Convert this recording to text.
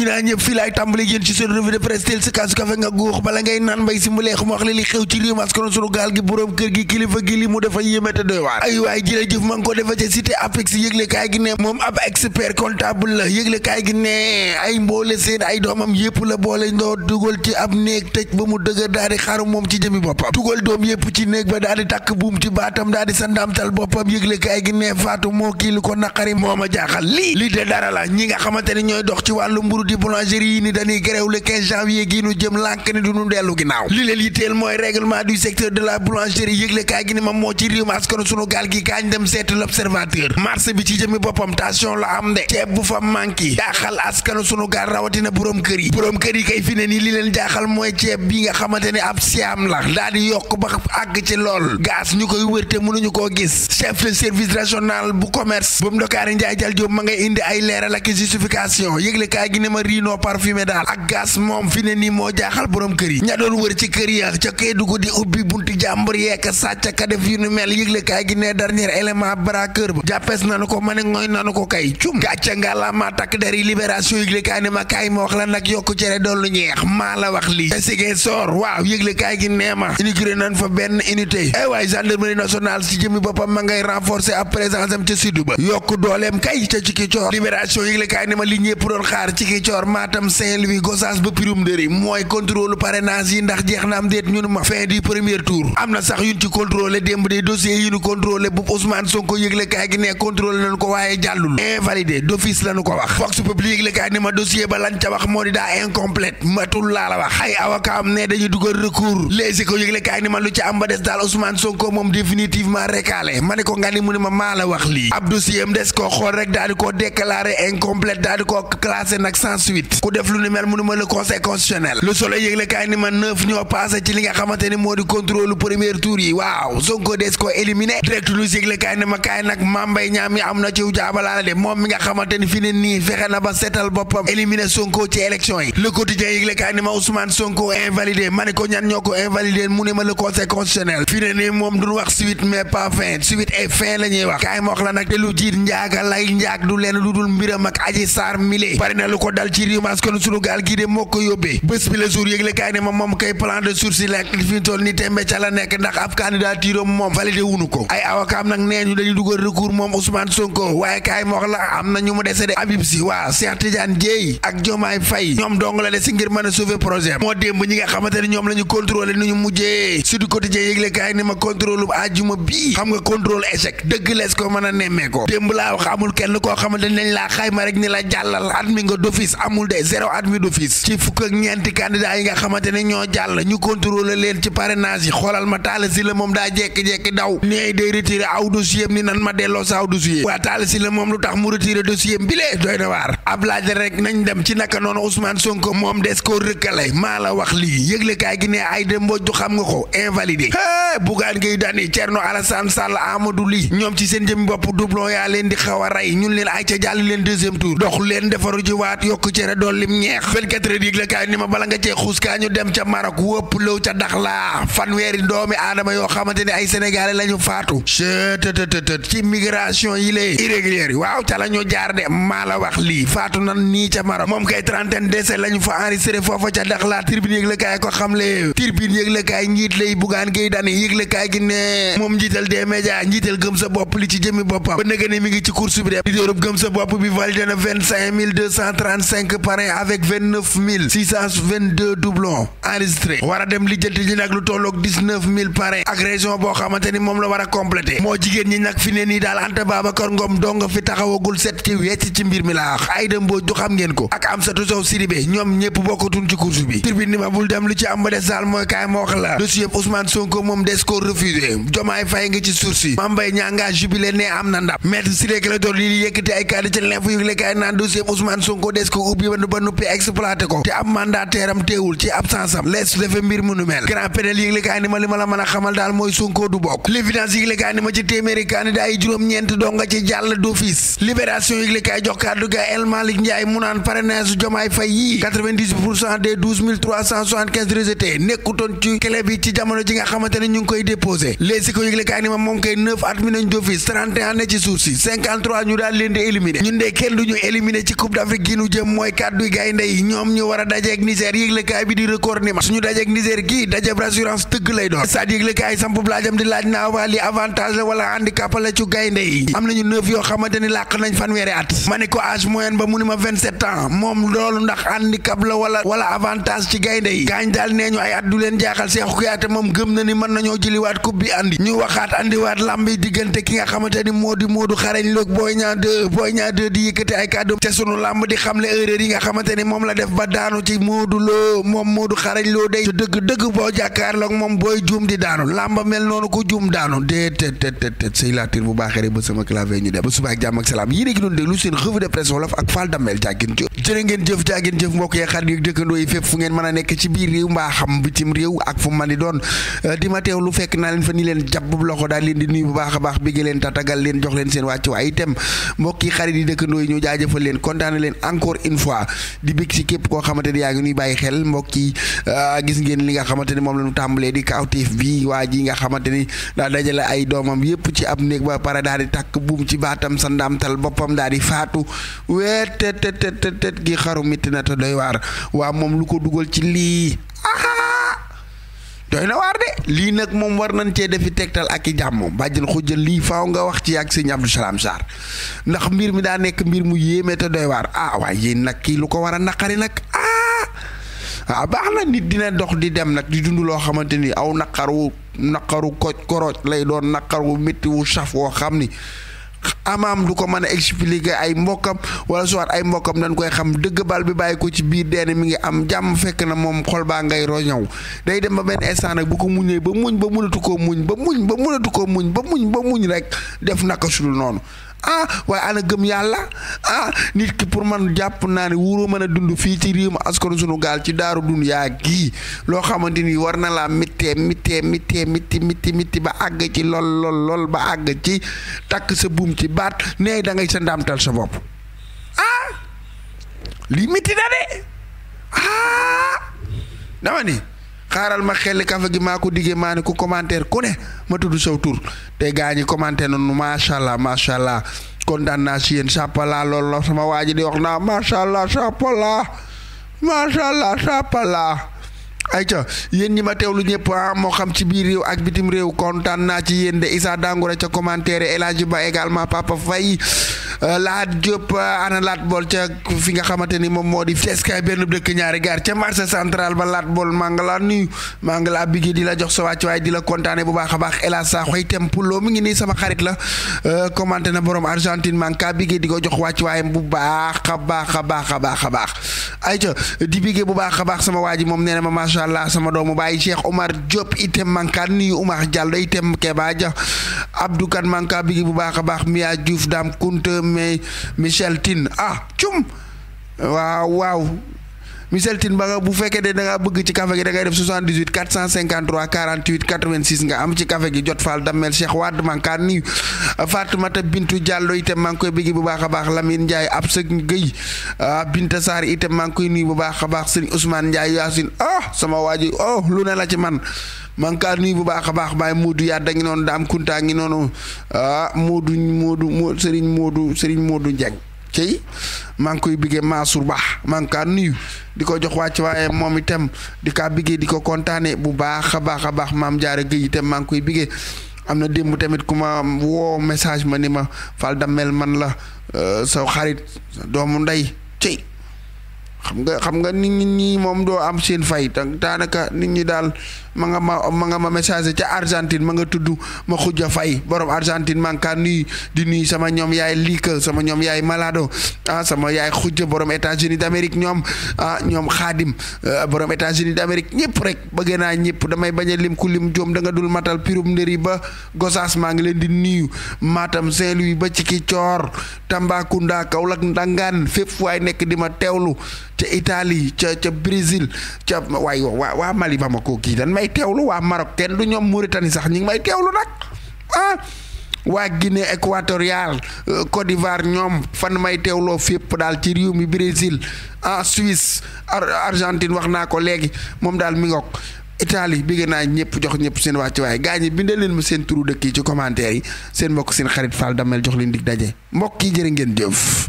ñi naa ñëpp fii laay tàmbali yéen ci seen revue de si kaasu kafe nga guux bala ngay naan mbay si mu ma wax la li xew ci réew mi askan sunu gaal gi borom kër gi kilifa gi li mu dafa yéeme te doy waar ay waay jërëjëf ma ngi ko defe ca cité apex yëgle kaay gi ne moom ab expert comptable la yëgle gi ne ay mboole seen ay doomam yëpp la boole ndoo dugal ci ab néeg tëj ba mu dëgër daal di moom ci jëmi boppam dugal doom yëpp ci di boulangerie yi ni dañuy gréew le 15 janvier gi jëm lànk ni du dellu ginnaaw li leen yitteel mooy règlement du secteur de la boulangerie yëgle kaay gi ni ma moo ci réew mi askan sunu gaal gi kaañ dem seet l'observateur marché bi ci jëmi boppam tension la am de ceeb bu fa manqué jaaxal askan sunu gaal rawatina borom kër yi borom kër yi kay fi ne nii li leen jaaxal mooy ceeb bi nga xamante ab siam la daal yokk ba àgg ci lool gaz rino parfumé daal ak gaz moom fi ne nii moo jaaxal borom kër yi ña doon wër ci kër ya ca Kédougou di ubbi buntu jàmbur yeek sàcc ka def yu nu mel yëgle kaay gi ne ko ma ne ngooy nanu ko kay cum la ma takk der yi libération yëgle wax la nag yokku cere doon lu ñeex maa la wax lii esege soor waaw yëgle kaay gi nee ma inauguré nañ fa benn unité ay eh waay gendarmerie nationale si jëmi boppam ma ngay renforcer ab présence am ca sud ba yokku dooleem kay ca ci ki coor libération yëgle kaay ne ma li ñëpp doon Ziguinchor Matam Saint-Louis Gossas ba Pirum Dëri mooy contrôle parrainage yi ndax jeex na am déet ma fin du premier tour am na sax yuñ ci contrôlé démb des dossiers yi ñu contrôlé bu Ousmane Sonko ko waaye kaay ne ma dossier ba lan ca wax moo di daa incomplète matul laa la wax ay avocat ne dañuy dugal recours Les Échos yëgle kaay ne ma lu ci am ba des daal Ousmane Sonko moom définitivement récalé ma ne ko nga ni mu ne ma maa wax lii ab dossier des ensuite ku def lu ni mel mu ni ma le conseil constitutionnel le soleil yëgle kaay ni ma neuf ñoo passé ci li nga xamante moo di contrôle premier tour yi waaw Sonko des ko éliminé direct lu yëgle kaay ni ma kaay nag mambay ñaam yi am na ciw jaabalaala de moom mi nga xamante fi ne nii fexe na ba seetal boppam éliminé Sonko ci élection yi le quotidien yëgle kaay ni ma Ousmane Sonko invalidé ma ko ñan ñoo ko invalidé mu ni ma le conseil constitutionnel ci réew mi askan sunu gaal gi de moo ko yóbbee bés bi la jour yëgle kaay ma moom kay plan de sursis lekk fi ñu tembe ca la nekk ndax ab candidature moom validé wunu ko ay awakaam nag nee ñu dañu dugal recours moom Ousmane Sonko waaye kaay ma am na ñu mu dese de Habib Sy waa Cheikh Tidiane Dièye ak Diomaye Faye ñoom dong la desi ngir mën a sauver projet moo démb ñi nga xamante ne ñoom la ñu contrôlé mujjee Sud Quotidien yëgle kaay ne ma contrôle a amul de zéro admis d'office ci fukk ak ñeenti candidat yi nga xamante ne ñoo jàll ñu contrôler leen ci parrainage yi xoolal ma Talla Sylla moom daa jekki-jekki daw nee day retiré aw dossier ni nan ma delloo sa aw dossier waa Talla Sylla moom lu tax mu retiré dossier bi lee doy na waar ab laaj rek nañ dem ci naka noonu Ousmane Sonko moom des koo rëkkale maa la wax lii yëglekaay gi ne ay dem mbooj du xam nga ko invalidé bugaan ngay dani Thierno Alassane Sall Amadou Ly ñoom ci seen jëmi bopp doublon yaa leen di xaw a rey ñun leen ay ca jàll leen deuxième tour dox leen defaru ji waat yokk yokku cere dool lim ñeex 24 heures yëgle kaay ni ma bala nga cee xuus kaa ñu dem ca Maroc wëpp lëw ca Dakhla fanweeri doomi aadama yoo xamante ne ay sénégalais la ñu faatu chetëtëtëtët migration yi lée irrégulière waaw ca la jaar de maa la wax lii faatu nan nii ca Maroc moom kay trentaine décès la ñu fa enregistré foofa ca Dakhla tribune yëgle kaay ko xam le tribune yëgle njiit lay bugaan géy dani yëgle gi ne moom njiital des médias njiital gëm sa bopp cinq parrains avec vingt neuf mille six cent vingt deux doublons enregistrés war a dem li jënti ñi nag lu tolloog dix neuf mille parrains ak région boo xamante ni moom la war a complété moo jigéen ñi nag fi ne nii daal Anta Babacar Ngom dong fi taxawagul set ci wecc ci mbir mi laa wax ay dem boo du xam ngeen ko ak sa Sow Sidibé ñoom ñëpp bokkatuñ ci course bi tribune ma bul dem lu ci am ba des daal mooy kaay ma wax la dossier Ousmane Sonko moom des ko refusé jomaay ko ubbi ba noppi exploité ko te ab mandataire am teewul ci absence am lees defe mbir mu nu mel grand pénal yëgle kaay ni ma li ma la mën a xamal daal mooy Sonko du bokk l'évidence yëgle kaay ni ma ci téeméeri candidat yi juróom-ñeent doo nga ci jàll d'office libération yëgle kaay jox kàddu ga El Malick Ndiaye mu naan parrainage Diomaye yii 90 pour ci clé bi ci jamono ji nga xamante ñu ngi koy déposé léegi ko yëgle kaay ni ma moom kay neuf at mi nañ d'office moom mooy kàddu gaynde yi ñoom ñu war a Niger yëglekaay bi di record ni ma suñu dajeeg Niger gii dajeeb rassurance tëgg lay doon stade yëglekaay samp di laaj naa waa avantage la wala avantage ci gaynde yi gaañ daal nee ñu ay at du leen jaaxal Cheikhou Kouyaté moom gëm na ni mën nañoo jëliwaat coupe bi andi ñu waxaat andiwaat lamb yi diggante ki nga xamante moo di Modou xarañ loog Boy Niang 2 Boy Niang 2 di yëkkati ay kàddu te sunu lamb erreur yi nga xamante la def ba daanu ba sama clavier ñu dem ba suba ak jàmm ak salaam yéen a ngi doon déglu seen revue de presse wolof ak Fall Damel jàggin jëf jërë jëf euh, jàggin xarit yi dëkkandoo yi fépp fu a nekk ci biir fa leen jàpp a leen encore une di bég ci képp koo xamante ni yaa ngi nuy bàyyi xel mbokk yi euh, gis ngeen li nga xamante ni moom la ñu tàmbalee di kawteef bi waa ji nga xamante ni daa dajale ay doomam yépp ci ab néeg ba pare daal di tàkk buum ci baatam sa ndaamtal boppam daal di faatu weet tet tet tet tet gi xaru mitti na te doy waar waa moom lu ko dugal ci lii doy na waar de lii nag moom war nañ cee defi tegtal ak i jàmm bàjjen xujja lii faaw nga wax ci ak sëñ Abdou Salam Sarr ndax mbir mi daa nekk mbir mu yéeme te doy waar ah waaye yéen nag kii lu ko war a naqari nag ah waaw ah, baax na nit dina dox di dem nag di dund loo xamante ni aw naqaru naqaru koj korooj lay doon naqar wu métti wu saf woo xam ni amaam du ko mën a expliquer ay mbokkam wala soit ay mbokkam dañ koy xam dëgg bal bi bàyyi ko ci biir deen mi ngi am jàmm fekk na moom xol baa ngay roñaw day dem ba benn instant nag bu ko muñee ba muñ ba munatu koo muñ ba muñ ba munatu koo muñ ba muñ ba muñ rek def naka sudul noonu ah waaye ana gëm yàlla ah nit ki pour man jàpp naa ne wuroo mën a dund fii ci réew ma askanu sunu gaal ci daaru dund yaa gii loo xamante ni war na laa mittee mittee mittee mitti mitti mitti ba àgg ci lool lool lool ba àgg ci takk sa buum ci baat nee dangay ngay sa ndaamtal sa bopp ah lii mitti na de ah dama ni xaaral ma xelli kafa gi maa ko diggee maa ne ku commentaire ku ne ma tudd saw tur te gaa ñi commentaire noonu macha allah macha allah kontaan naa si yéen sàppalaa lool la sama waa ji di wax naa macha allah sàppalaa macha allah yéen ñi ma ñëpp ah moo xam ci biir réew ak bitim réew kontaan naa ci yéen de Issa ca commentaire El Ba également Papa Faye Euh, Laat Diop euh, ana Laat bool ca fi nga xamante ni moom moo di Ceskaay benn dëkk ñaari gaar ca marché central ba Laat bool maa ngi laa nuyu maa ngi laa bigee di la jox sa wàcc waaye di la kontaane bu baax a baax El Hadj Sakho Tempulo mi ngi nii sama xarit la euh, commenté na borom Argentine maa ngi di ko jox wàcc waayam bu baax a baax a baax a baax a baax ayca di bigee bu baax a baax sama waa ji moom nee na ma macha allah sama doomu baay Cheikh Omar Diop itam maa ngi kaa nuyu Umar Diallo itam Keba Dia Abdou Kan maa ngi kaa bu baax a baax Mia Diouf dam Kounta mais Michel Tine ah cum waaw waaw Michel seltin ba nga bu fekkee de da ngaa bëgg ci café gi da ngay def 78 453 48 86 nga am ci café gi jot faal dammel Cheikh Wade maa ngi kaa nii Fatoumata Bintu Diallo bintu maa ngi koy bëgg bu baax a baax Lamine Ndiaye Absa Gueye ah, Binta Sarr itam maa ngi koy nuyu bu baax a baax Serigne Ousmane Ndiaye Yacine ah sama waa oh lu ne la ci man maa ngi kaa nuyu bu baax a baax Baye Modou Yadda ngi noonu Dame Kunta ngi noonu ah Modou Modou Serigne Modou Serigne Modou Dieng. cey maa ngi koy biggee Mansour Ba maa ngi kaa nuyu di ko jox wàcc waaye moom itam di kaa biggee di ko kontaane bu baax a baax a baax maam jaara géej itam maa ngi koy biggee am na démb tamit ku ma woo message ma ni ma fal dammel man la euh, saw xarit doomu ndey cey xam nga xam nga nit ñi moom doo am seen fay daanaka nit ñi daal ma nga ma ma nga ma message ca Argentine ma nga tudd ma xuj a fay borom Argentine maa ngi kaa nuyu di nuy sama ñoom yaay liika sama ñoom yaay malado ah sama yaay xuj borom États-Unis amérique ñoom ah ñoom xaadim ah, borom États-Unis d'Amérique ñëpp rek bëgg naa ñëpp damay bañ a lim ku lim joom danga dul matal pirum ndëri ba Gosaas maa ngi leen di nuyu maatam Saint-Louis ba ci ki coor Tambacounda Kaolack ndangaan fépp waay nekk di ma teewlu ca Italie ca ca Brésil ca waay waa waa Mali Bamako kii dañ may teewlu waa Maroc kenn du ñoom Mauritanie sax ñi ngi may teewlu nag ah waa Guinée équatoriale euh, Côte d'Ivoire ñoom fan may teewloo fépp daal ci réew mi Brésil ah Suisse Argentine wax naa ko léegi moom daal mi ngoog Italie bi naa ñëpp jox ñëpp seen wàcc waaye gaa ñi bindal leen ma seen turu dëkk yi ci commentaire yi seen mbokk seen xarit Fall Damel jox leen dig daje mbokk yi jërë ngeen jëf.